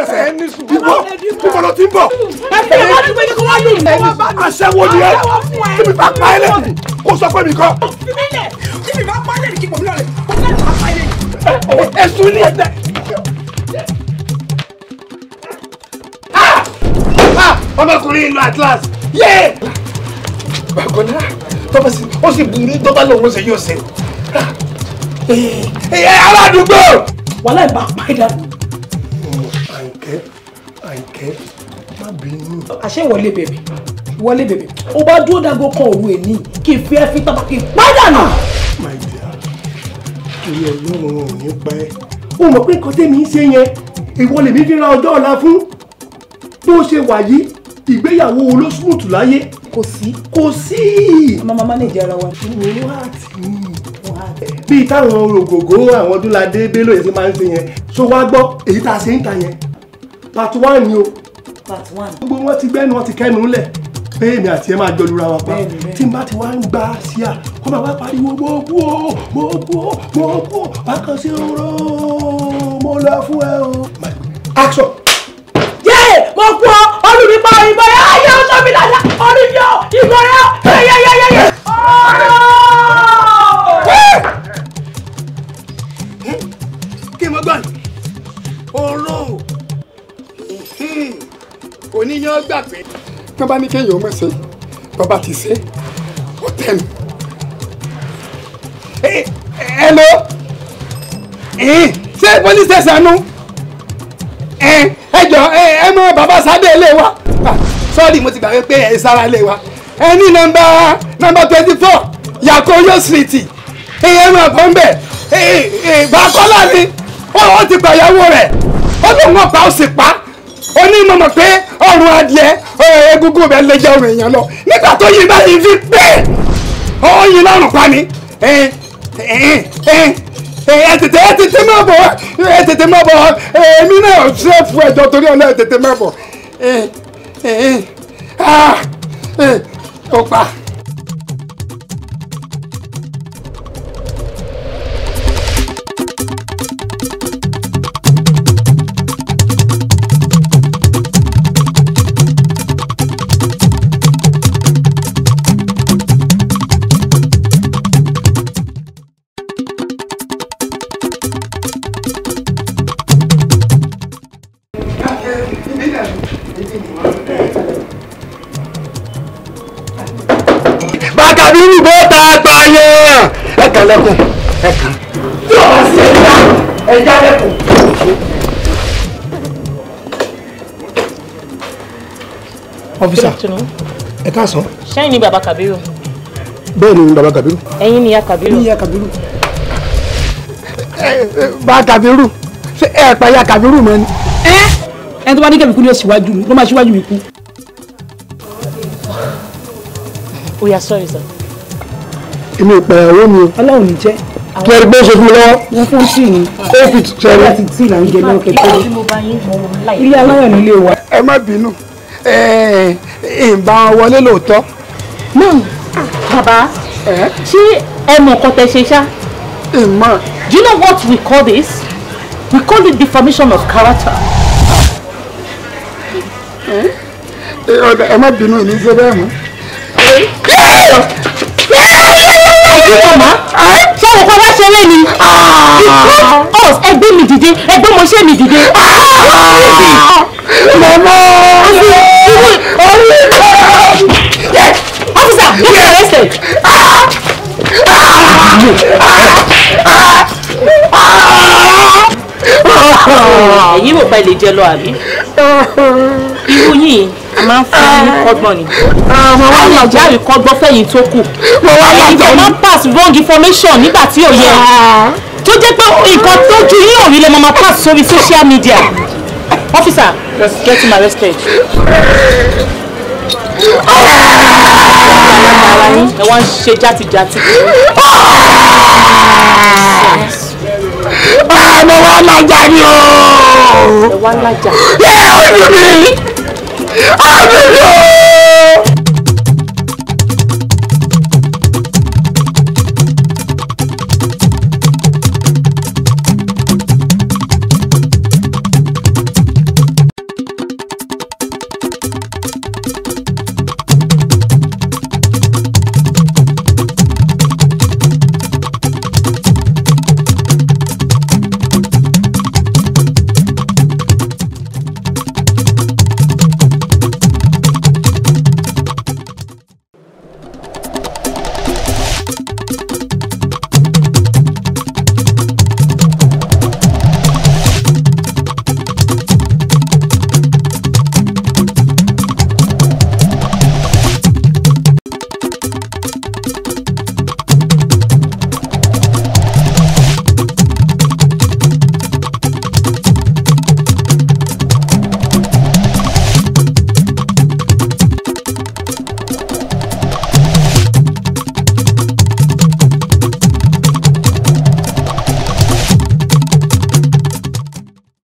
lẹ́sẹ̀ ẹ ní sùn. ìwọ ìwọ ló ti ń bọ̀. ẹ fi ẹ wọ́n ti gbé kí wọ́n lù mí. aṣẹ́wó ni ẹ ibi bá pa ẹ lẹ́sìn kó sọ pé mi kọ́. ibi bá pa ẹ lẹ́sìn kí pòmí lọ́lẹ̀ kó sọ pé mi pa ẹ lẹ́sìn. ẹ̀sùn ni ẹ̀ ọmọkùnrin ìlú atlas yé bàgọ́ náà tọ́ba sí ó sì burú tọ́ba lòun ṣe yóò ṣe aládùúgbò wàhálà ìbá pàdánù àìkẹ́ má bínú. àṣé ìwọlé bèbè ìwọlé bèbè ó bá dúró dágó kan òru èní kì í fi ẹ́ fi tọ́ba kì í pàdà nù. my dear torí ọlọ́run ò ní pa ẹ́ o mọ̀ pé nǹkan tẹ́mi ń ṣe yẹn ìwọ lèmi fi ra ọjọ́ ọ̀la fún bó ṣe wà yìí ìgbéyàwó olóṣùmùtù láyé kò sí kò sí. mama manage ara wa. owó àti bíi táwọn orògògó àwọn ọdúnladé bélò yẹn ti máa ń ṣe yẹn so wá gbọ́ èyí tá a ṣe ń ta yẹn part one ni o part one. gbogbo wọn ti gbẹ́nu wọn ti kẹ́nu lẹ̀ pé èmi àti ẹ máa jọlura wa pa tí n bá ti wá ń gba sí a kó máa wá pariwo mo kú o mo kú o mo kú o wá kàn sí oró mo lọ fún ẹ o. action. yéè mo kú ọ ọdún mi pa ìbọn yẹn ayé ọjọ́ mi dáadáa ọdún yọ ìbọn yẹn yẹyẹyẹyẹ. kí n mọ gbọ́n ọ̀rọ̀ oníyàn gbà pé. tó bá ní kéèyàn mọ̀ ṣe bàbá ti ṣe ó tẹnu. ẹ lọ ṣé police station nu ẹ jọ ẹ mọ bàbá sáde ilé wa ah, sọ́ọ̀rì mo ti gbàgbé pé ẹ sára ilé wa ẹ ní nọ́mbà nọ́mbà twenty four yakoyo street èèyàn máa bọ́ ń bẹ̀ ìgbà kọ́lá ni wọ́n ti pàyàwó rẹ̀ ó lóun ọ̀pá ó sì pa á ó ní mọ̀mọ̀ pé ọrùn adìẹ egungun bẹ́ẹ̀ lè jẹ́ ọrùn èèyàn lọ nígbà tó yìnbọn yìí fi pé ó yin lọ́rùn pa mi ẹ tètè ẹ tètè má bọ̀ ẹ tètè má bọ̀ èmi náà ṣe fún ẹjọ́ torí ọ̀la ẹ tètè má bọ̀ ah, ó pa. yìnbó ta pààyàn ẹ kàn lẹ́kùn ẹ kàn. tí bá ṣe ẹja ẹja lẹ́kùn. ọ́fíìsà ẹ káàsán. sẹ́yìn ni bàbá Kàbírù. bẹ́ẹ̀ ni bàbá Kàbírù. ẹ̀yin ni ya Kàbírù. ẹ̀yin ya Kàbírù. bá Kàbírù ẹ pa ya Kàbírù mọ́ ni. ẹ ẹni tó bá ní kẹ́mi kú ni ó síwájú ló máa síwájú mi kú. ó yá sọ́ọ̀rì sọ́ọ̀rì èmi ò pẹ̀yà owó mi o. ọlọ́run ní jẹ́. kí ẹ rí pé ó ṣe fún mi lọ́wọ́. wọ́n fún tíì ni. ó fi sẹ́yìn. láti tíì là ń jẹ náà kẹ́kẹ́. ilé aláyọ̀ nílé wa. ẹ má bínú ìbá wọlé lóòótọ́. náà ah, bàbá ṣé ẹ mọ̀ nǹkan tẹ ṣe ṣá. ìmọ̀. do you know what we call this? we call it defamation of character. ẹ má bínú ìní ṣe bẹ́ẹ̀ mọ́ ṣe màmá ṣé òun kọ́ wá ṣeré ni ah. because us ẹgbẹ́ mi dìde ẹgbẹ́ mo ṣe mi dìde. Ah. mama officer you get arrested. èyí mo fẹ́ lè jẹ́ lọ àbí irú ah. yìí a máa ń fún yín ní kọ́gbọ́n ni. àwọn wá máa jáwé kọ́gbọ́n fẹ̀yìn tó kù. wọ́n wá máa jọ pass wrong information nígbà tí ò yẹ ah. tó jẹ́ pé nǹkan tó ju yín òrí lè máa pass sórí social media. officer get him arrested. ẹ wá ń ṣe játijàti. Ah, àmọ́ wá máa jà ní o. ẹ wá ń lajà. ẹ ò dùn mí. I'm love.